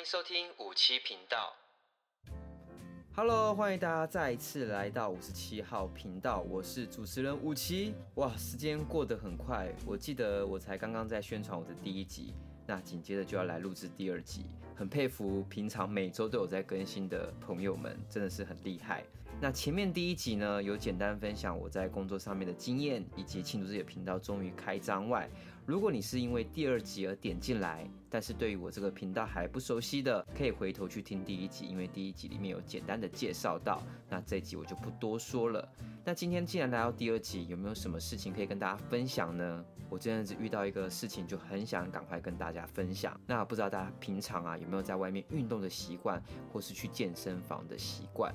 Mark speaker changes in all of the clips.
Speaker 1: 歡迎收聽五七頻道。Hello，歡迎大家再一次來到五十七號頻道，我是主持人武七。哇，時間過得很快，我記得我才剛剛在宣傳我的第一集，那緊接着就要來錄制第二集，很佩服平常每周都有在更新的朋友們，真的是很厲害。那前面第一集呢，有簡單分享我在工作上面的經驗，以及慶祝自己的頻道終於開張外。如果你是因為第二集而點進來，但是對於我這個頻道還不熟悉的，可以回頭去聽第一集，因為第一集裡面有簡單的介紹到。那這一集我就不多說了。那今天既然來到第二集，有沒有什麼事情可以跟大家分享呢？我真的是遇到一個事情，就很想趕快跟大家分享。那不知道大家平常啊有沒有在外面運動的習慣，或是去健身房的習慣？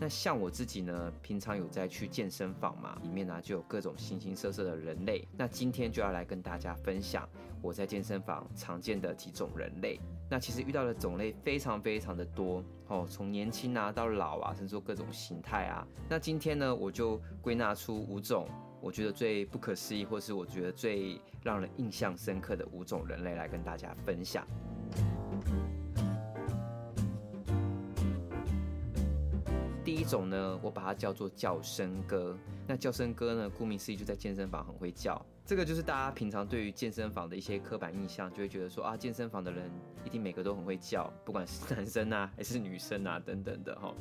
Speaker 1: 那像我自己呢，平常有在去健身房嘛，裡面呢、啊、就有各種形形色色的人類。那今天就要來跟大家分享我在健身房常見的幾種人類。那其實遇到的種類非常非常的多哦，從年輕啊到老啊，甚至說各種形態啊。那今天呢，我就歸納出五種我覺得最不可思議，或是我覺得最讓人印象深刻的五種人類來跟大家分享。種呢，我把它叫做叫聲歌。那叫聲歌呢，顧名思義就在健身房很會叫。這個就是大家平常對於健身房的一些刻板印象，就會覺得說啊，健身房的人一定每個都很會叫，不管是男生啊還是女生啊等等的哈。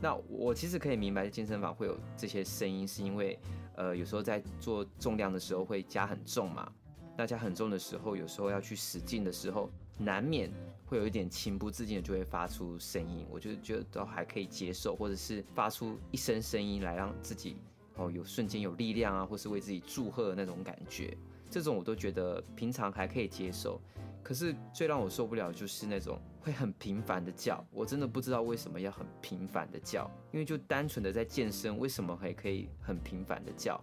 Speaker 1: 那我其實可以明白，健身房會有這些聲音，是因為呃有時候在做重量的時候會加很重嘛，那加很重的時候，有時候要去使勁的時候，難免。會有一點情不自禁的就會發出聲音，我就覺得都還可以接受，或者是發出一聲聲音來讓自己哦有瞬間有力量啊，或是為自己祝賀的那種感覺，這種我都覺得平常還可以接受。可是最讓我受不了就是那種會很頻繁的叫，我真的不知道為什麼要很頻繁的叫，因為就單純的在健身，為什麼還可以很頻繁的叫？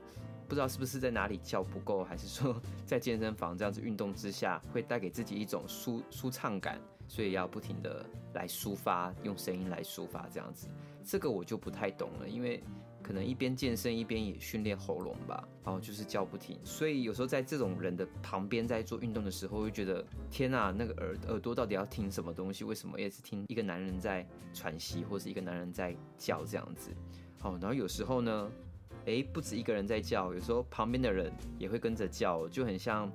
Speaker 1: 不知道是不是在哪裡叫不夠，還是說在健身房這樣子運動之下會帶給自己一種舒舒暢感。所以要不停的來抒發，用聲音來抒發，這樣子，這個我就不太懂了，因為可能一邊健身一邊也訓練喉嚨吧，然後，哦，就是叫不停，所以有時候在這種人的旁邊在做運動的時候，會覺得天哪、啊，那個耳耳朵到底要聽什麼東西？為什麼也是聽一個男人在喘息，或是一個男人在叫這樣子？哦，然後有時候呢，誒，不止一個人在叫，有時候旁邊的人也會跟着叫，就很像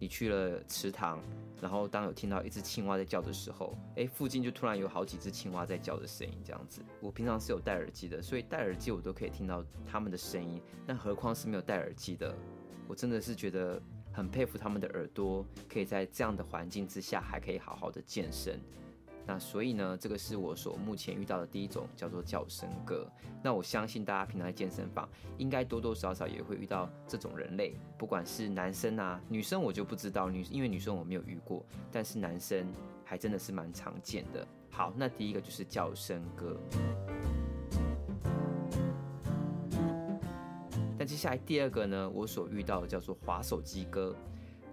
Speaker 1: 你去了池塘。然後，當有聽到一隻青蛙在叫的時候，誒，附近就突然有好幾隻青蛙在叫的聲音，這樣子。我平常是有戴耳機的，所以戴耳機我都可以聽到他們的聲音，那何況是沒有戴耳機的？我真的是覺得很佩服他們的耳朵，可以在這樣的環境之下還可以好好的健身。那所以呢，這個是我所目前遇到的第一種，叫做叫聲哥。那我相信大家平常在健身房應該多多少少也會遇到這種人類，不管是男生啊，女生我就不知道，女因為女生我沒有遇過，但是男生還真的是蠻常見的。好，那第一個就是叫聲哥。但接下來第二個呢，我所遇到的叫做滑手機哥。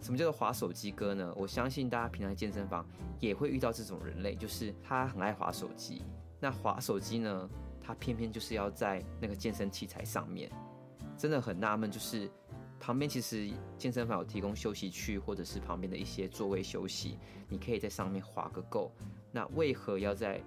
Speaker 1: 什麼叫做滑手機哥呢？我相信大家平常在健身房也會遇到這種人類，就是他很愛滑手機。那滑手機呢？他偏偏就是要在那個健身器材上面，真的很納悶。就是旁邊其實健身房有提供休息區，或者是旁邊的一些座位休息，你可以在上面滑個夠。那為何要在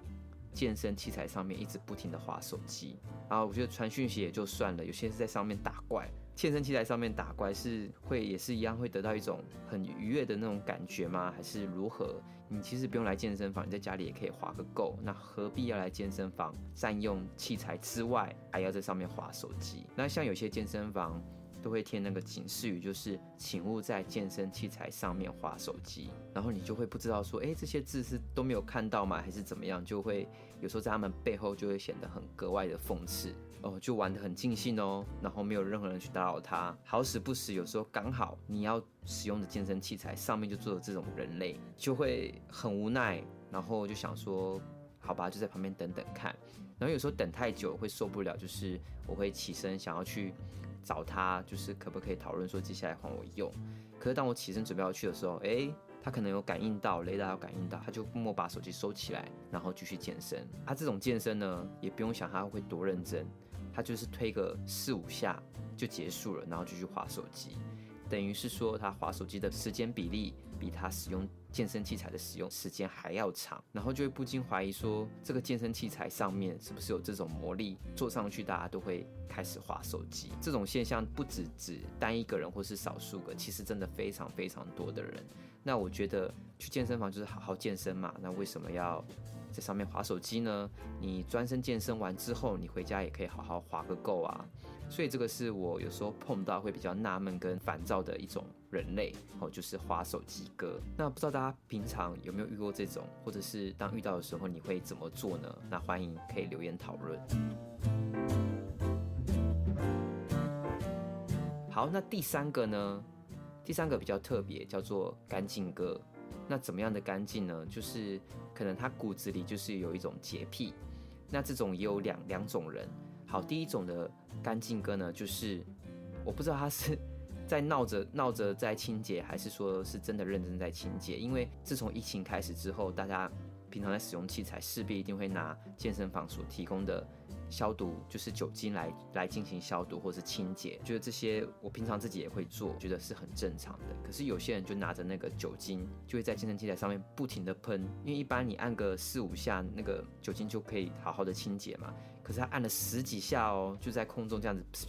Speaker 1: 健身器材上面一直不停地滑手機？然後我覺得傳訊息也就算了，有些人是在上面打怪。健身器材上面打怪是會也是一樣會得到一種很愉悅的那種感覺嗎？還是如何？你其實不用來健身房，你在家裡也可以滑個夠，那何必要來健身房佔用器材之外，還要在上面滑手機？那像有些健身房。都會貼那個警示語，就是請勿在健身器材上面滑手機。然後你就會不知道說，欸，這些字是都沒有看到嗎？還是怎麼樣？就會有時候在他們背後就會顯得很格外的諷刺哦，就玩得很盡興哦。然後沒有任何人去打擾他，好死不死，有時候剛好你要使用的健身器材上面就坐着這種人類，就會很無奈。然後就想說，好吧，就在旁邊等等看。然後有時候等太久會受不了，就是我會起身想要去。找他，就是可不可以討論說接下來還我用？可是當我起身準備要去的時候，誒、欸，他可能有感應到雷達，有感應到，他就默默把手機收起來，然後繼續健身。他這種健身呢，也不用想他會多認真，他就是推個四五下就結束了，然後繼續滑手機。等於是說，他滑手機的時間比例比他使用健身器材的使用時間還要長，然後就會不禁懷疑說，這個健身器材上面是不是有這種魔力，坐上去大家都會開始滑手機？這種現象不只指單一個人或是少數個，其實真的非常非常多的人。那我覺得去健身房就是好好健身嘛，那為什麼要？在上面滑手機呢？你專身健身完之後，你回家也可以好好滑個夠啊！所以這個是我有時候碰到會比較納悶跟煩躁的一種人類，就是滑手機哥。那不知道大家平常有沒有遇過這種，或者是當遇到的時候，你會怎麼做呢？那歡迎可以留言討論。好，那第三個呢？第三個比較特別，叫做乾淨哥。那怎麼樣的乾淨呢？就是可能他骨子裡就是有一種潔癖。那這種也有兩兩種人。好，第一種的乾淨哥呢，就是我不知道他是在、在鬧着鬧着在清潔，還是說是真的認真在清潔。因為自從疫情開始之後，大家平常在使用器材，勢必一定會拿健身房所提供的。消毒，就是酒精來來進行消毒，或者是清潔，覺得這些我平常自己也會做，覺得是很正常的。可是有些人就拿着那個酒精，就會在健身器材上面不停的噴，因為一般你按個四五下，那個酒精就可以好好的清潔嘛。可是他按了十幾下哦，就在空中這樣子，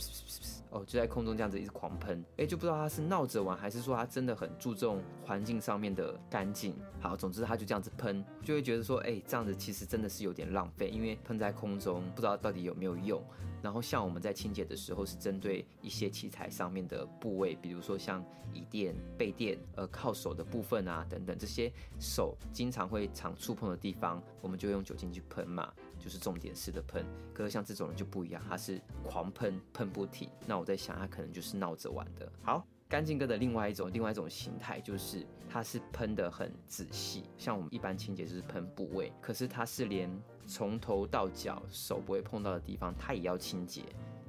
Speaker 1: 哦，就在空中這樣子一直狂噴，哎，就不知道他是鬧着玩還是說他真的很注重環境上面的乾淨。好，總之他就這樣子噴，就會覺得說，哎，這樣子其實真的是有點浪費，因為噴在空中，不知道到底有沒有用。然後像我們在清潔的時候，是針對一些器材上面的部位，比如說像椅墊、背墊、呃靠手的部分啊等等這些手經常會常觸碰的地方，我們就用酒精去噴嘛。就是重點式的噴，可是像這種人就不一樣，他是狂噴，噴不停。那我在想，他可能就是鬧着玩的。好，乾淨哥的另外一種，另外一種形態就是，他是噴得很仔細。像我們一般清潔就是噴部位，可是他是連從頭到腳，手不會碰到的地方，他也要清潔。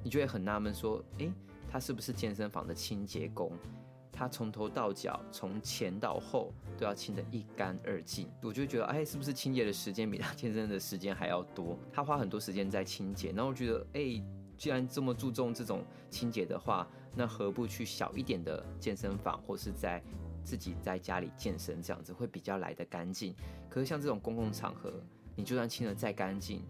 Speaker 1: 你就會很納悶，說，誒、欸，他是不是健身房的清潔工？他從頭到腳，從前到後都要清得一乾二淨。我就覺得，哎，是不是清潔的時間比他健身的時間還要多？他花很多時間在清潔。然後我覺得，哎，既然這麼注重這種清潔的話，那何不去小一點的健身房，或是在自己在家裡健身，這樣子會比較來得乾淨。可是像這種公共場合，你就算清得再乾淨，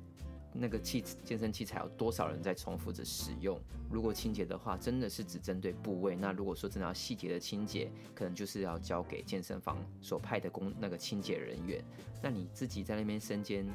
Speaker 1: 那個器健身器材有多少人在重複着使用？如果清潔的話，真的是只針對部位。那如果說真的要細節的清潔，可能就是要交給健身房所派的工那個清潔人員。那你自己在那邊身兼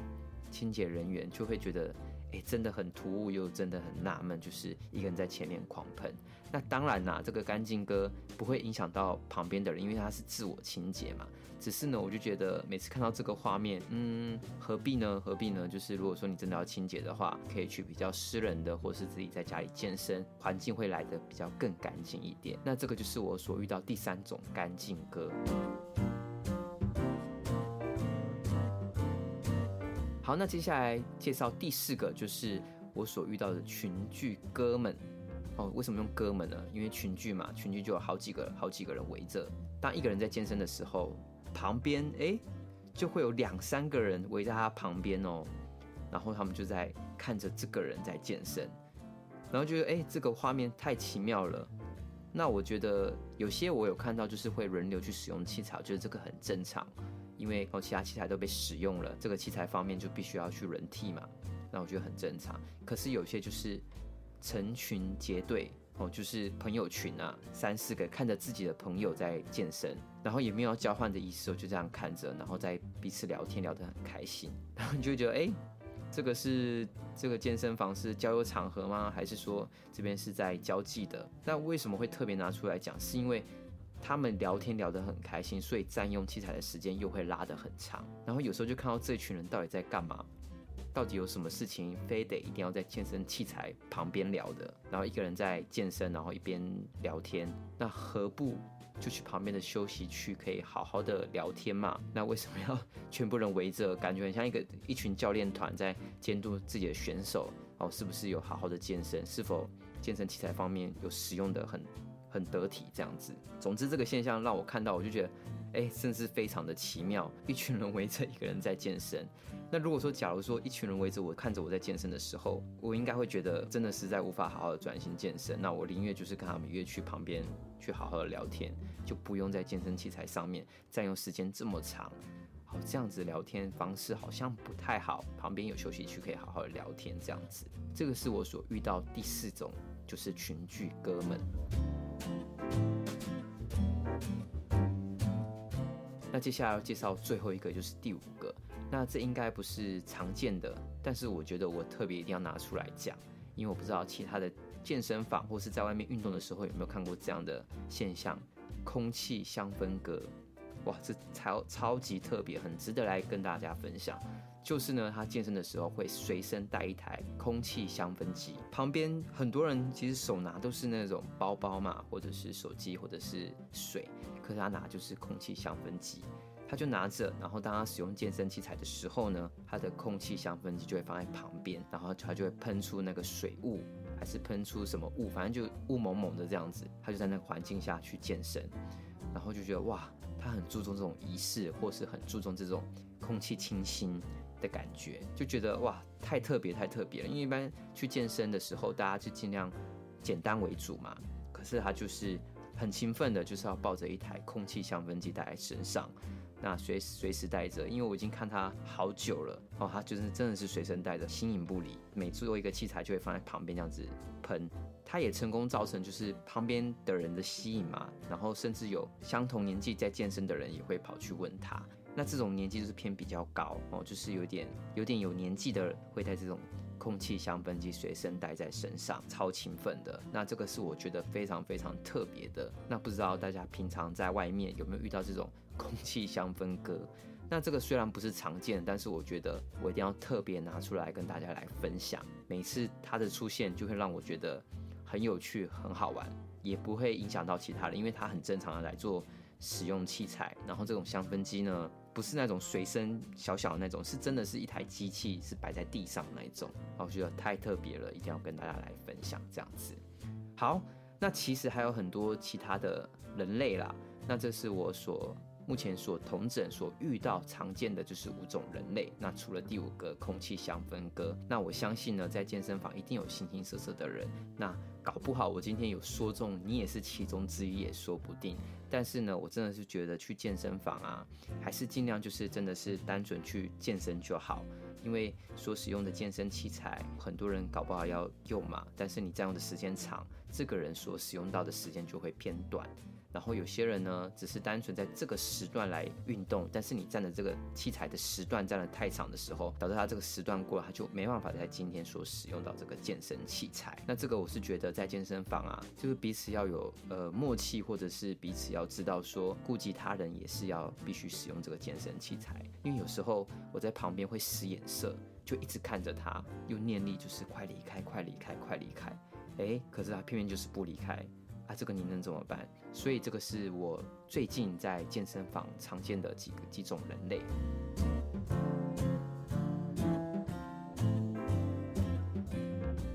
Speaker 1: 清潔人員，就會覺得，哎、欸，真的很突兀，又真的很納悶，就是一個人在前面狂噴。那當然啦、啊，這個乾淨哥不會影響到旁邊的人，因為他是自我清潔嘛。只是呢，我就覺得每次看到這個畫面，嗯，何必呢？何必呢？就是如果說你真的要清潔的話，可以去比較私人的，或是自己在家裡健身，環境會來得比較更乾淨一點。那這個就是我所遇到第三種乾淨哥。好，那接下來介紹第四個，就是我所遇到的群聚哥們。哦，為什麼用哥們呢？因為群聚嘛，群聚就有好幾個好幾個人圍着，當一個人在健身的時候。旁邊誒、欸，就會有兩三個人圍在他旁邊哦，然後他們就在看着這個人在健身，然後覺得誒、欸，這個畫面太奇妙了。那我覺得有些我有看到就是會輪流去使用器材，我覺得這個很正常，因為哦，其他器材都被使用了，這個器材方面就必須要去人替嘛，那我覺得很正常。可是有些就是成群結隊。哦，就是朋友群啊，三四個看着自己的朋友在健身，然後也沒有交換的意思，就就這樣看着，然後在彼此聊天，聊得很開心，然後你就覺得，哎、欸，這個是這個健身房是交友場合嗎？還是說這邊是在交際的？那為什麼會特別拿出來講？是因為他們聊天聊得很開心，所以占用器材的時間又會拉得很長，然後有時候就看到這群人到底在幹嘛。到底有什麼事情非得一定要在健身器材旁邊聊的？然後一個人在健身，然後一邊聊天，那何不就去旁邊的休息區，可以好好的聊天嘛？那為什麼要全部人圍着？感覺很像一個一群教練團在監督自己的選手哦，是不是有好好的健身？是否健身器材方面有使用的很很得體？這樣子，總之這個現象讓我看到，我就覺得。哎，甚至非常的奇妙，一群人圍着一個人在健身。那如果說，假如說一群人圍着我，看着我在健身的時候，我應該會覺得真的實在無法好好的專心健身。那我寧願就是跟他們約去旁邊去好好的聊天，就不用在健身器材上面占用時間這麼長。好，這樣子聊天方式好像不太好，旁邊有休息區可以好好的聊天這樣子。這個是我所遇到的第四種，就是群聚哥們。那接下來要介紹最後一個，就是第五個。那這應該不是常見的，但是我覺得我特別一定要拿出來講，因為我不知道其他的健身房或是在外面運動的時候有沒有看過這樣的現象，空氣香氛哥。哇，這超超級特別，很值得來跟大家分享。就是呢，他健身的時候會隨身帶一台空氣香氛機，旁邊很多人其實手拿都是那種包包嘛，或者是手機，或者是水。可是他拿就是空氣香氛機，他就拿着，然後當他使用健身器材的時候呢，他的空氣香氛機就會放在旁邊，然後他就會噴出那個水霧，還是噴出什麼霧，反正就霧蒙蒙的這樣子，他就在那個環境下去健身，然後就覺得哇，他很注重這種儀式，或是很注重這種空氣清新的感覺，就覺得哇，太特別太特別了，因為一般去健身的時候，大家就儘量簡單為主嘛，可是他就是。很興奮的，就是要抱着一台空氣香氛機帶在身上，那隨隨時帶着，因為我已經看他好久了哦，他就是真的是隨身帶着，形影不離，每做一個器材就會放在旁邊這樣子噴，他也成功造成就是旁邊的人的吸引嘛，然後甚至有相同年紀在健身的人也會跑去問他，那這種年紀就是偏比較高哦，就是有點有點有年紀的人會帶這種。空氣香氛機隨身帶在身上，超勤奮的。那這個是我覺得非常非常特別的。那不知道大家平常在外面有沒有遇到這種空氣香氛機？那這個雖然不是常見，但是我覺得我一定要特別拿出來跟大家來分享。每次它的出現就會讓我覺得很有趣，很好玩，也不會影響到其他人，因為它很正常的來做使用器材。然後這種香氛機呢，不是那種隨身小小的那種，是真的是一台機器，是擺在地上的那種。我覺得太特別了，一定要跟大家來分享這樣子。好，那其實還有很多其他的人類啦。那這是我所目前所統整所遇到常見的就是五種人類。那除了第五個空氣香氛哥，那我相信呢，在健身房一定有形形色色的人。那搞不好我今天有說中你也是其中之一也說不定。但是呢，我真的是覺得去健身房啊，還是儘量就是真的是單純去健身就好，因為所使用的健身器材很多人搞不好要用嘛。但是你占用的時間長，這個人所使用到的時間就會偏短。然後有些人呢，只是單純在這個時段來運動，但是你站的這個器材的時段占的太長的時候，導致他這個時段過了他就沒辦法在今天所使用到這個健身器材。那這個我是覺得。在健身房啊，就是彼此要有呃默契，或者是彼此要知道說，顧及他人也是要必須使用這個健身器材。因為有時候我在旁邊會使眼色，就一直看着他，用念力就是快離開，快離開，快離開，誒，可是他偏偏就是不離開啊，這個你能怎麼辦？所以這個是我最近在健身房常見的幾個幾種人類。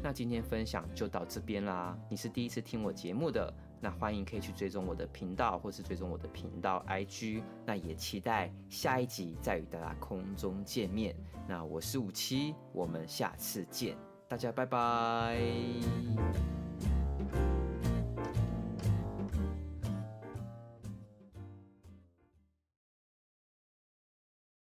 Speaker 1: 那今天分享就到這邊啦。你是第一次聽我節目的，那歡迎可以去追蹤我的頻道或是追蹤我的頻道 IG。那也期待下一集再與大家空中見面。那我是五七，我們下次見，大家拜拜。